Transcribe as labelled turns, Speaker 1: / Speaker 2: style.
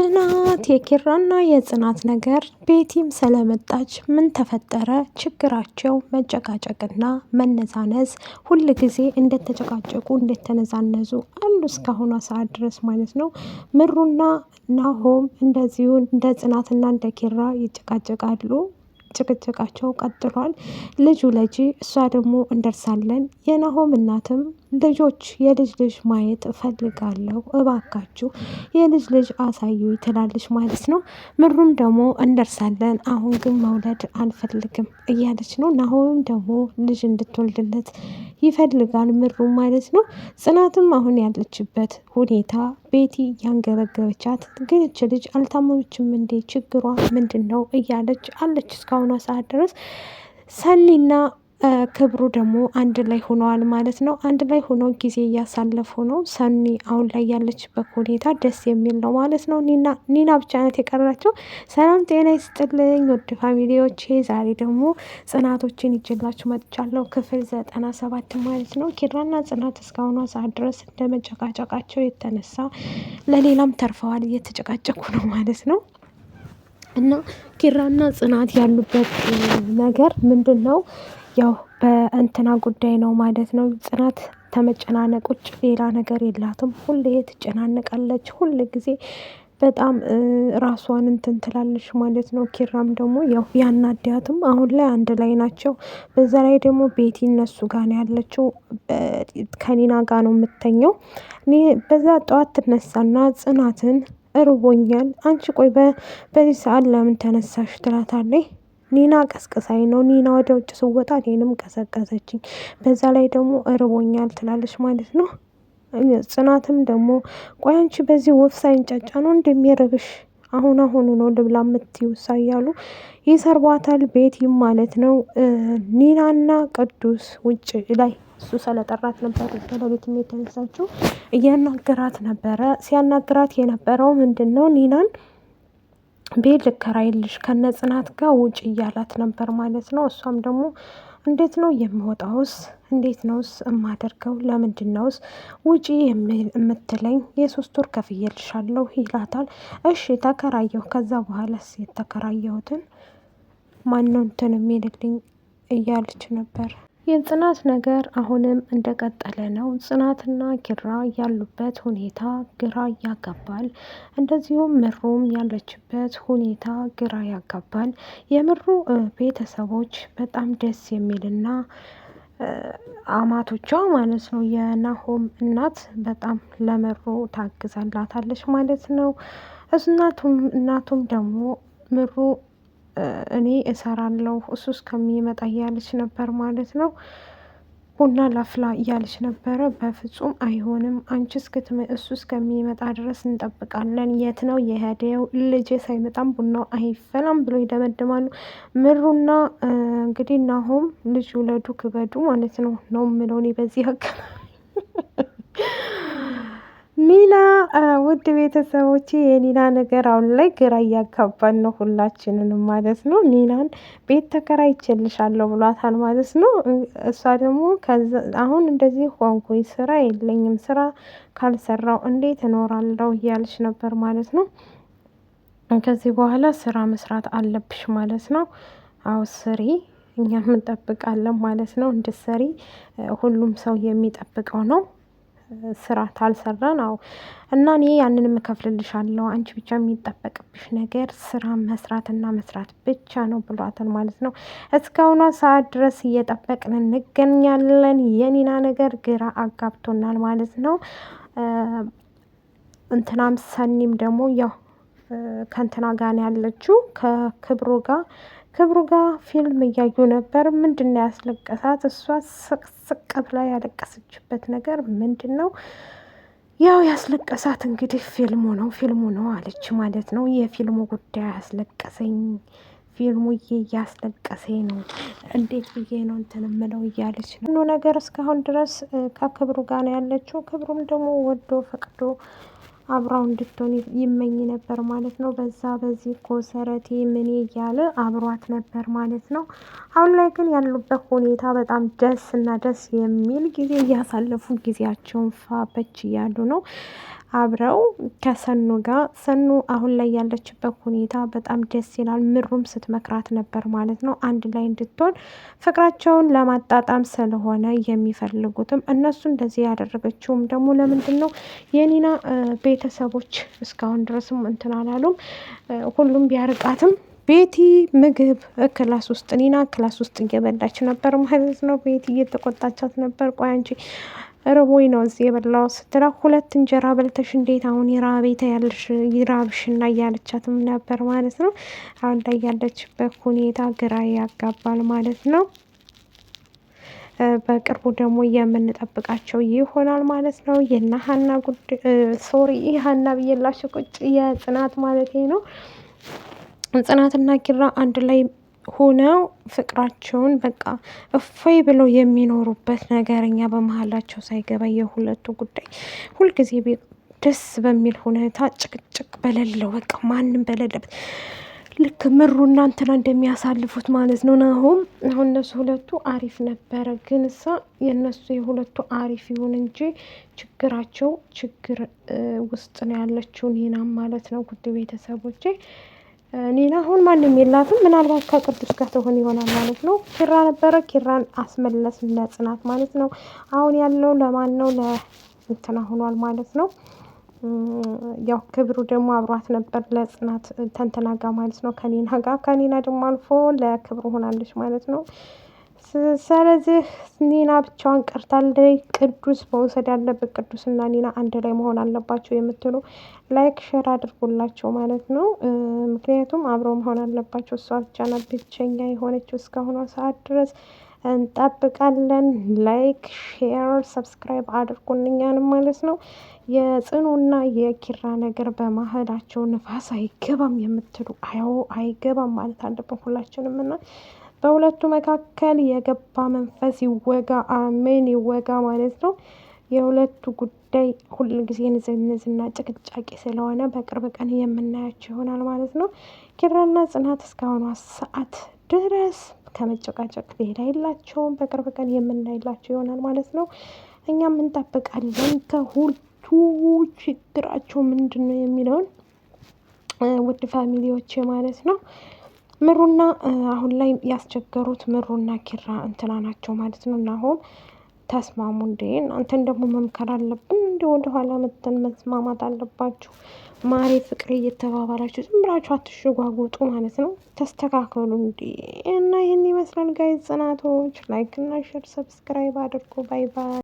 Speaker 1: ጽናት የኪራና የጽናት ነገር ቤቲም ስለመጣች ምን ተፈጠረ? ችግራቸው መጨቃጨቅና መነዛነዝ፣ ሁል ጊዜ እንደተጨቃጨቁ እንደተነዛነዙ አሉ እስካሁኗ ሰዓት ድረስ ማለት ነው። ምሩና ናሆም እንደዚሁ እንደ ጽናትና እንደ ኪራ ይጨቃጨቃሉ። ጭቅጭቃቸው ቀጥሏል። ልጁ ለጂ እሷ ደግሞ እንደርሳለን። የናሆም እናትም ልጆች የልጅ ልጅ ማየት እፈልጋለሁ እባካችሁ የልጅ ልጅ አሳዩ ትላለች ማለት ነው። ምሩም ደግሞ እንደርሳለን አሁን ግን መውለድ አልፈልግም እያለች ነው። ናሆም ደግሞ ልጅ እንድትወልድለት ይፈልጋል ምሩም ማለት ነው። ጽናትም አሁን ያለችበት ሁኔታ ቤቲ ያንገበገበቻት ግን እች ልጅ አልታመመችም እንዴ? ችግሯ ምንድን ነው? እያለች አለች እስካሁኗ ሰዓት ድረስ ሰኒና ክብሩ ደግሞ አንድ ላይ ሆነዋል ማለት ነው። አንድ ላይ ሆኖ ጊዜ እያሳለፉ ነው። ሰኒ አሁን ላይ ያለችበት ሁኔታ ደስ የሚል ነው ማለት ነው። ኒና ብቻ ናት የቀራቸው። ሰላም ጤና ይስጥልኝ ውድ ፋሚሊዎቼ፣ ዛሬ ደግሞ ጽናቶችን ይዤላችሁ መጥቻለሁ። ክፍል ዘጠና ሰባት ማለት ነው። ኪራና ጽናት እስካሁኗ ሰዓት ድረስ እንደመጨቃጨቃቸው የተነሳ ለሌላም ተርፈዋል። እየተጨቃጨቁ ነው ማለት ነው። እና ኪራና ጽናት ያሉበት ነገር ምንድን ነው? ያው በእንትና ጉዳይ ነው ማለት ነው። ጽናት ከመጨናነቅ ውጭ ሌላ ነገር የላትም። ሁሌ ትጨናነቃለች። ሁል ጊዜ በጣም ራሷን እንትን ትላለች ማለት ነው። ኪራም ደግሞ ያው አሁን ላይ አንድ ላይ ናቸው። በዛ ላይ ደግሞ ቤቲ እነሱ ጋ ነው ያለችው። ከኒና ጋ ነው የምተኘው። እኔ በዛ ጠዋት ትነሳና ጽናትን እርቦኛል፣ አንቺ ቆይ በዚህ ሰዓት ለምን ተነሳሽ? ትላታለች ኒና ቀስቅሳኝ ነው። ኒና ወደ ውጭ ስወጣ እኔንም ቀሰቀሰችኝ። በዛ ላይ ደግሞ እርቦኛል ትላለች ማለት ነው። ጽናትም ደግሞ ቆይ አንቺ በዚህ ወፍ ሳይንጫጫ ነው እንደሚርብሽ አሁን አሁኑ ነው ልብላ የምትይውሳ እያሉ ይሰርቧታል። ቤቲም ማለት ነው ኒናና ቅዱስ ውጭ ላይ እሱ ስለጠራት ነበር ለቤትም የተነሳችው እያናገራት ነበረ። ሲያናግራት የነበረው ምንድን ነው ኒናን ቤት ልከራይልሽ ከነ ጽናት ጋር ውጭ እያላት ነበር ማለት ነው። እሷም ደግሞ እንዴት ነው የምወጣውስ? እንዴት ነውስ የማደርገው? ለምንድን ነውስ ውጪ የምትለኝ? የሶስት ወር ከፍዬልሻለሁ ይላታል። እሺ ተከራየሁ፣ ከዛ በኋላስ የተከራየሁትን ማን እንትን የሚልልኝ እያለች ነበር። የጽናት ነገር አሁንም እንደቀጠለ ነው። ጽናትና ኪራ ያሉበት ሁኔታ ግራ ያጋባል። እንደዚሁም ምሩም ያለችበት ሁኔታ ግራ ያጋባል። የምሩ ቤተሰቦች በጣም ደስ የሚልና አማቶቿ ማለት ነው። የናሆም እናት በጣም ለምሩ ታግዛላታለች ማለት ነው። እናቱም እናቱም ደግሞ ምሩ እኔ እሰራለሁ እሱ እስከሚመጣ እያለች ነበር ማለት ነው። ቡና ላፍላ እያለች ነበረ። በፍጹም አይሆንም፣ አንቺ እሱ እስከሚመጣ ድረስ እንጠብቃለን። የት ነው የሄደው? ልጄ ሳይመጣም ቡናው አይፈላም ብሎ ይደመድማሉ። ምሩና እንግዲህ ናሆም ልጅ ውለዱ ክበዱ ማለት ነው ነው ምለውኔ በዚህ ሀቅ ሚና ውድ ቤተሰቦቼ የኒና ነገር አሁን ላይ ግራ እያጋባን ነው ሁላችንንም ማለት ነው። ኒናን ቤት ተከራይቼልሻለሁ ብሏታል ማለት ነው። እሷ ደግሞ አሁን እንደዚህ ሆንኩኝ፣ ስራ የለኝም፣ ስራ ካልሰራው እንዴት እኖራለሁ እያልሽ ነበር ማለት ነው። ከዚህ በኋላ ስራ መስራት አለብሽ ማለት ነው። አው ስሪ እኛም እንጠብቃለን ማለት ነው። እንድትሰሪ ሁሉም ሰው የሚጠብቀው ነው። ስራ ታልሰራን አዎ እና እኔ ያንን እከፍልልሻለሁ አንቺ ብቻ የሚጠበቅብሽ ነገር ስራ መስራት እና መስራት ብቻ ነው ብሏታል ማለት ነው። እስካሁኗ ሰዓት ድረስ እየጠበቅን እንገኛለን። የኒና ነገር ግራ አጋብቶናል ማለት ነው። እንትናም ሰኒም ደግሞ ያው ከእንትና ጋር ያለችው ከክብሮ ጋር ክብሩ ጋር ፊልም እያዩ ነበር። ምንድን ነው ያስለቀሳት? እሷ ስቅስቅ ብላ ያለቀሰችበት ነገር ምንድን ነው? ያው ያስለቀሳት እንግዲህ ፊልሙ ነው ፊልሙ ነው አለች ማለት ነው። የፊልሙ ጉዳይ ያስለቀሰኝ ፊልሙዬ እያስለቀሰኝ ነው፣ እንዴት ብዬ ነው እንትን የምለው እያለች ነው። ነገር እስካሁን ድረስ ከክብሩ ጋር ነው ያለችው። ክብሩም ደግሞ ወዶ ፈቅዶ አብራው እንድትሆን ይመኝ ነበር ማለት ነው። በዛ በዚህ ኮሰረቴ ምኔ እያለ አብሯት ነበር ማለት ነው። አሁን ላይ ግን ያሉበት ሁኔታ በጣም ደስ እና ደስ የሚል ጊዜ እያሳለፉ ጊዜያቸውን ፋበች እያሉ ነው። አብረው ከሰኑ ጋር ሰኑ አሁን ላይ ያለችበት ሁኔታ በጣም ደስ ይላል። ምሩም ስትመክራት ነበር ማለት ነው አንድ ላይ እንድትሆን ፍቅራቸውን ለማጣጣም ስለሆነ የሚፈልጉትም እነሱ እንደዚህ ያደረገችውም ደግሞ ለምንድን ነው የኒና ቤተሰቦች እስካሁን ድረስም እንትን አላሉም። ሁሉም ቢያርቃትም ቤቲ ምግብ ክላስ ውስጥ ኒና ክላስ ውስጥ እየበላች ነበር ማለት ነው። ቤቲ እየተቆጣቻት ነበር። ቆይ አንቺ ርቦኝ ነው እዚህ የበላው ስትለው ሁለት እንጀራ በልተሽ እንዴት አሁን ይራቤተ ያለሽ ይራብሽ እና እያለቻትም ነበር ማለት ነው። አሁን ላይ ያለችበት ሁኔታ ግራ ያጋባል ማለት ነው። በቅርቡ ደግሞ የምንጠብቃቸው ይሆናል ማለት ነው። የና ሀና ሶሪ ሀና ብዬላቸው ቁጭ የጽናት ማለት ነው ጽናትና ኪራ አንድ ላይ ሆነው ፍቅራቸውን በቃ እፎይ ብለው የሚኖሩበት ነገር በመሀላቸው ሳይገባ የሁለቱ ጉዳይ ሁልጊዜ ደስ በሚል ሁኔታ ጭቅጭቅ በሌለው በቃ ማንም በሌለበት ልክ ምሩ እናንትና እንደሚያሳልፉት ማለት ነው። ናሁም አሁን እነሱ ሁለቱ አሪፍ ነበረ፣ ግን እሳ የእነሱ የሁለቱ አሪፍ ይሁን እንጂ ችግራቸው ችግር ውስጥ ነው ያለችውን ይናም ማለት ነው። ጉድ ቤተሰቦቼ ኒና አሁን ማንም የላትም። ምናልባት ከቅዱስ ጋር ተሆን ይሆናል ማለት ነው። ኪራ ነበረ ኪራን አስመለስ ለጽናት ማለት ነው። አሁን ያለው ለማን ነው? ለእንትና ሆኗል ማለት ነው። ያው ክብሩ ደግሞ አብሯት ነበር ለጽናት ተንተናጋ ማለት ነው። ከኒና ጋር ከኒና ደግሞ አልፎ ለክብሩ ሆናለች ማለት ነው። ስለዚህ ኒና ብቻዋን ቀርታለች። ቅዱስ መውሰድ ያለበት ቅዱስና ኒና አንድ ላይ መሆን አለባቸው የምትሉ ላይክ ሼር አድርጎላቸው ማለት ነው። ምክንያቱም አብረው መሆን አለባቸው። እሷ ብቻ ናት ብቸኛ የሆነችው እስካሁኗ ሰዓት ድረስ እንጠብቃለን። ላይክ ሼር፣ ሰብስክራይብ አድርጎንኛንም ማለት ነው። የጽኑና የኪራ ነገር በማህላቸው ንፋስ አይገባም የምትሉ አዎ አይገባም ማለት አለብን ሁላችንም እና በሁለቱ መካከል የገባ መንፈስ ይወጋ፣ አሜን ይወጋ ማለት ነው። የሁለቱ ጉዳይ ጊዜ ንዝንዝና ጭቅጫቂ ስለሆነ በቅርብ ቀን የምናያቸው ይሆናል ማለት ነው። ኪራና ጽናት እስካሁኗ ሰዓት ድረስ ከመጨቃጨቅ ሌላ የላቸውም። በቅርብ ቀን የምናይላቸው ይሆናል ማለት ነው። እኛም እንጠብቃለን። ከሁለቱ ችግራቸው ምንድን ነው የሚለውን ውድ ፋሚሊዎች ማለት ነው። ምሩና አሁን ላይ ያስቸገሩት ምሩና ኪራ እንትና ናቸው ማለት ነው። እና አሁን ተስማሙ እንዴ እናንተን ደግሞ መምከር አለብን እንዲ ወደኋላ መተን መስማማት አለባችሁ። ማሬ ፍቅሬ እየተባባላችሁ ዝም ብላችሁ አትሸጓጎጡ ማለት ነው። ተስተካከሉ እንዲ እና ይህን ይመስላል ጋይ ጽናቶች። ላይክ እና ሸር ሰብስክራይብ አድርጎ ባይ ባይ።